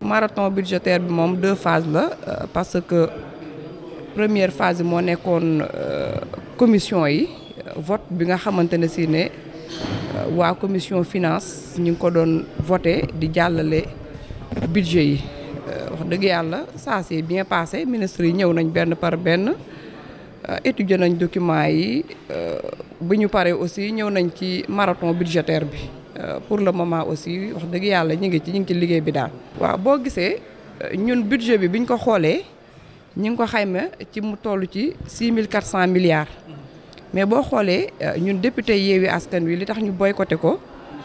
marathon budgétaire bi moom deux phases la euh, parce que première phase bi moo nekkoon euh, commission yi euh, vote bi nga xamante ne si ne waa commission finance ñu ngi ko doon voté di jàllale budget yi wax dëgg yàlla ça s'est bien passé ministre yi ñëw nañ benn par benn étudier nañ documents yi bi ñu paree aussi ñëw nañ ci marathon budgétaire bi euh, pour le moment aussi wax dëgg yàlla ñu ngi ci ñu ngi ci liggéey bi daal. waaw boo gisee euh, ñun budget bi bi ñu ko xoolee ñu ngi ko xayma ci mu toll ci six mille quatre cent milliards. mais boo xoolee euh, ñun député Yewwi Askan Wi li tax ñu boycotté ko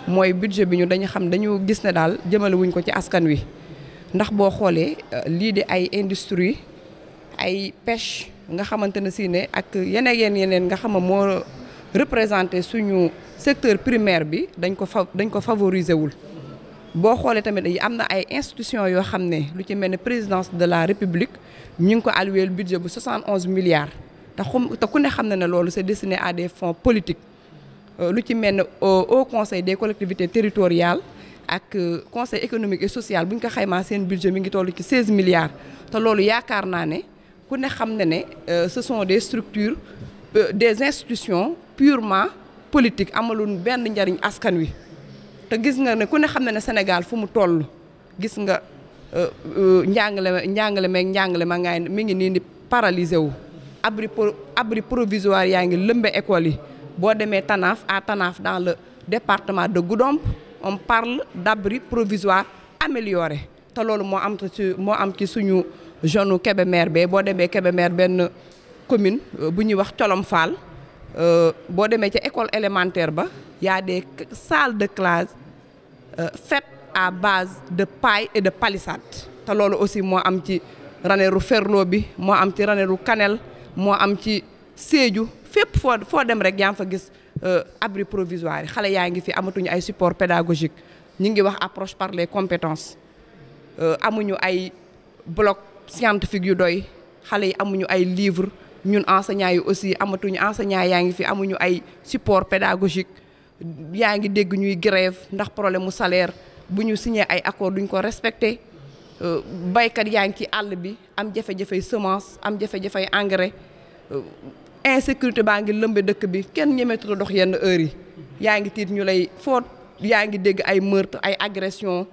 mooy budget bi ñu dañu xam dañu gis ne daal jëmale wuñ ko ci askan wi ndax boo xoolee lii di ay industrie ay pêche nga xamante ne si ne ak yeneen yeneen nga xam moo. représenté suñu secteur primaire bi dañ ko fa dañ ko favoriser wul boo xoolee tamit am na ay institutions yoo xam ne lu ci mel ni présidence de la république ñu ngi ko alloué budget bu 71 milliards te xum te ku ne xam na ne loolu c'est destiné à des fonds politique euh, lu ci mel ne au conseil des collectivités territoriales ak euh, conseil économique et social bu ñu ko xaymaa seen budget mi ngi toll ci 16 milliards te loolu yaakaar naa ne ku ne xam na ne euh, ce sont des structures Euh, des institutions purement politique amaloon benn njariñ askan wi te gis nga ne ku ne xam na ne Sénégal fu mu toll gis nga euh, euh, njàngale njàngale meeg njàngale ma ngaay mi ngi nii ni paralysé wu abri abri provisoire yaa ngi lëmbe école yi boo demee Tanaff à Tanaff dans le département de Goudomp on parle d'abri provisoire amélioré te loolu moo am ci moo am ci suñu jeune Kébémer bee boo demee Kébémer benn commune euh, bu ñuy wax Colom Fall euh, boo demee ca école élémentaire ba yaa a des salles de classe euh, faites à base de paille et de palissade te loolu aussi moo am ci Ranérou Ferlo bi moo am ci Ranérou Kanel moo am ci Sédhiou fépp foo foo dem rek yaa ngi fa gis abri provisoire yi xale yaa ngi fi amatuñu ay support pédagogique ñu ngi wax approche par les compétences amuñu ay bloc scientifique yu doy xale yi amuñu ay livre ñun enseignants yi aussi amatuñu enseignants yaa ngi fi amuñu ay support pédagogique yaa ngi dégg ñuy grève ndax problème mu salaire bu ñu signé ay accord duñ ko respecté euh, baykat yaa ngi ci àll bi am jafe-jafey semence am jafe-jafey engrais euh, insécurité baa ngi lëmbe dëkk bi kenn ñemeetu dox yenn heures yi yaa ngi tiit ñu lay foot yaa ngi dégg ay meurtre ay agression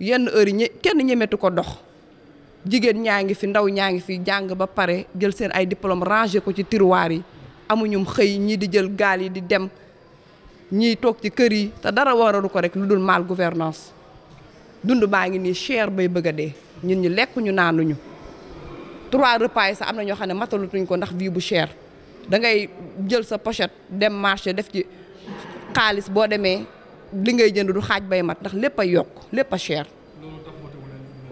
yenn heures yi kenn ñemeetu ko dox jigéen ñaa ngi fi ndaw ñaa ngi fi jàng ba pare jël seen ay diplôme rangé ko ci tiroir yi amuñum xëy ñii di jël gaal yi di dem ñii toog ci kër yi te dara waralu ko rek lu dul mal gouvernance dund baa ngi nii cher bay bëgg dee ñun ñi lekk ñu naanuñu trois repas yi sax am na ñoo xam ne matalutuñ ko ndax vie bu cher da ngay jël sa pochette dem marché def ci xaalis boo demee li ngay jënd du xaaj bay mat ndax lépp a yokk lépp a cher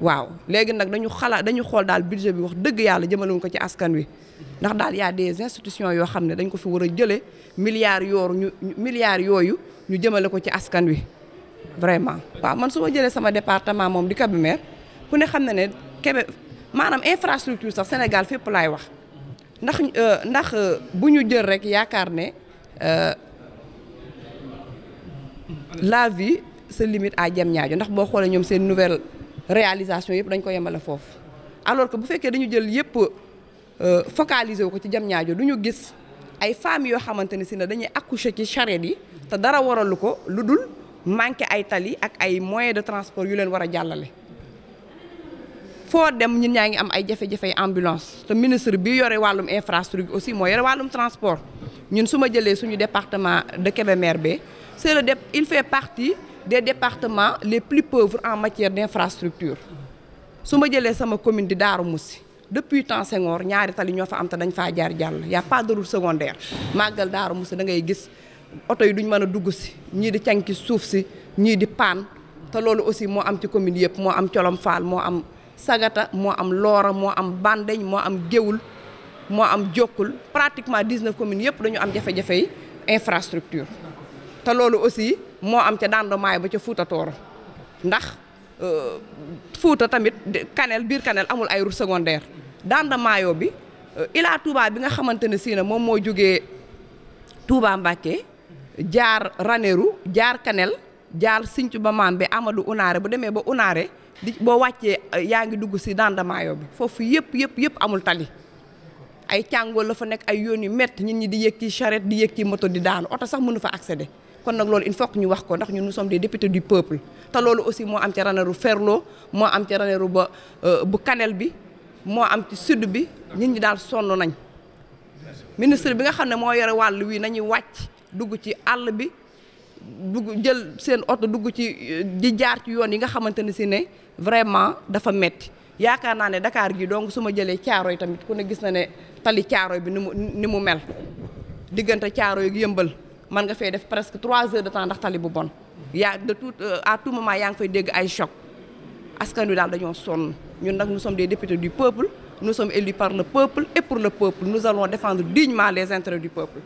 waaw léegi nag dañu xalaat dañu xool daal budget bi wax dëgg yàlla jëmale ko ci askan wi ndax daal y des institutions yoo xam ne dañ ko fi war a jëlee milliards yooru ñu milliards yooyu ñu jëmale ko ci askan wi vraiment. waaw man su ma jëlee sama département moom di Kébémer ku ne xam na ne Kébé maanaam infrastructure sax Sénégal fépp laay wax ndax euh, ndax euh, bu ñu jël rek yaakaar ne euh, la vie se limite à Diamniadio ndax boo xoolee ñoom seen nouvelle. réalisation yëpp dañ ko yemale foofu alors que bu fekkee dañu jël yëpp euh, focaliser wu ko ci jam ñaajo du ñu gis ay femmes yoo xamante ne si ne dañuy accoucher ci charrette yi te dara waralu ko lu dul manqué ay tali ak ay moyens de transport yu leen war a jàllale foo dem ñun ñaa ngi am ay jafe-jafe ambulance te ministre bi yore wàllum infrastructure aussi moo yore wàllum transport ñun su ma jëlee suñu département de Kébémer bi c'est le dé il fait partie des département les plus pauvres en matière d'infrastructure su ma jëlee sama commune di Daaru Moussi depuis temps Senghor ñaari tali ñoo fa am te dañ faa jaar jàll y a pas de route secondaire màggal Daaru Moussi da ngay gis oto yi duñ mën a dugg si ñii di canki suuf si ñii di paan te loolu aussi moo am ci commune yëpp moo am Colom Fall moo am Sagata moo am Loora moo am Bandeñ moo am Géwul moo am Jokkul pratiquement 19 communes yëpp dañu am jafe-jafe moo am ca dandemaay ba ca Fuuta Tooro ndax euh, Fuuta tamit kanel biir kanel amul ay route secondaire dandemaayoo bi euh, Ila Touba bi nga xamante ne si ne moom moo jógee Touba Mbacké jaar Ranérou jaar kanel jaar Sinthiou ba maam bi Amadou Unaare bu demee ba Unaare di boo wàccee euh, yaa ngi dugg si dandemaayoo bi foofu yëpp yëpp yëpp amul tali ay càngool la fa nekk ay yoon yu métti nit ñi di yëg ci charrette di yëg ci moto di daanu oto sax mënu fa accéder kon nag loolu il faut ñu wax ko ndax ñu nu sommes des députés du peuple te loolu aussi moo am ci Ranérou Ferlo moo am ci Ranérou ba euh, bu Kanel bi moo am ci sud bi nit ñi daal sonn nañ ministre bi nga xam ne moo yore wàll wii nañuy wàcc dugg ci àll bi dugg jël seen oto dugg ci euh, di jaar ci yoon yi nga xamante ne si ne vraiment dafa metti yaakaar naa ne Dakar gi donc su ma jëlee yi tamit ku ne gis na ne tali Caaroy bi ni mu ni mu mel diggante Caaroy ak Yëmbal man nga fee def presque trois heures de temps ndax tali bu bon yaa de tout euh, à tout moment yaa ngi fay dégg ay choc askan wi daal dañoo sonn ñun nag nous sommes de députés du peuple nous sommes élus par le peuple et pour le peuple nous allons défendre dignement les intérêts du peuple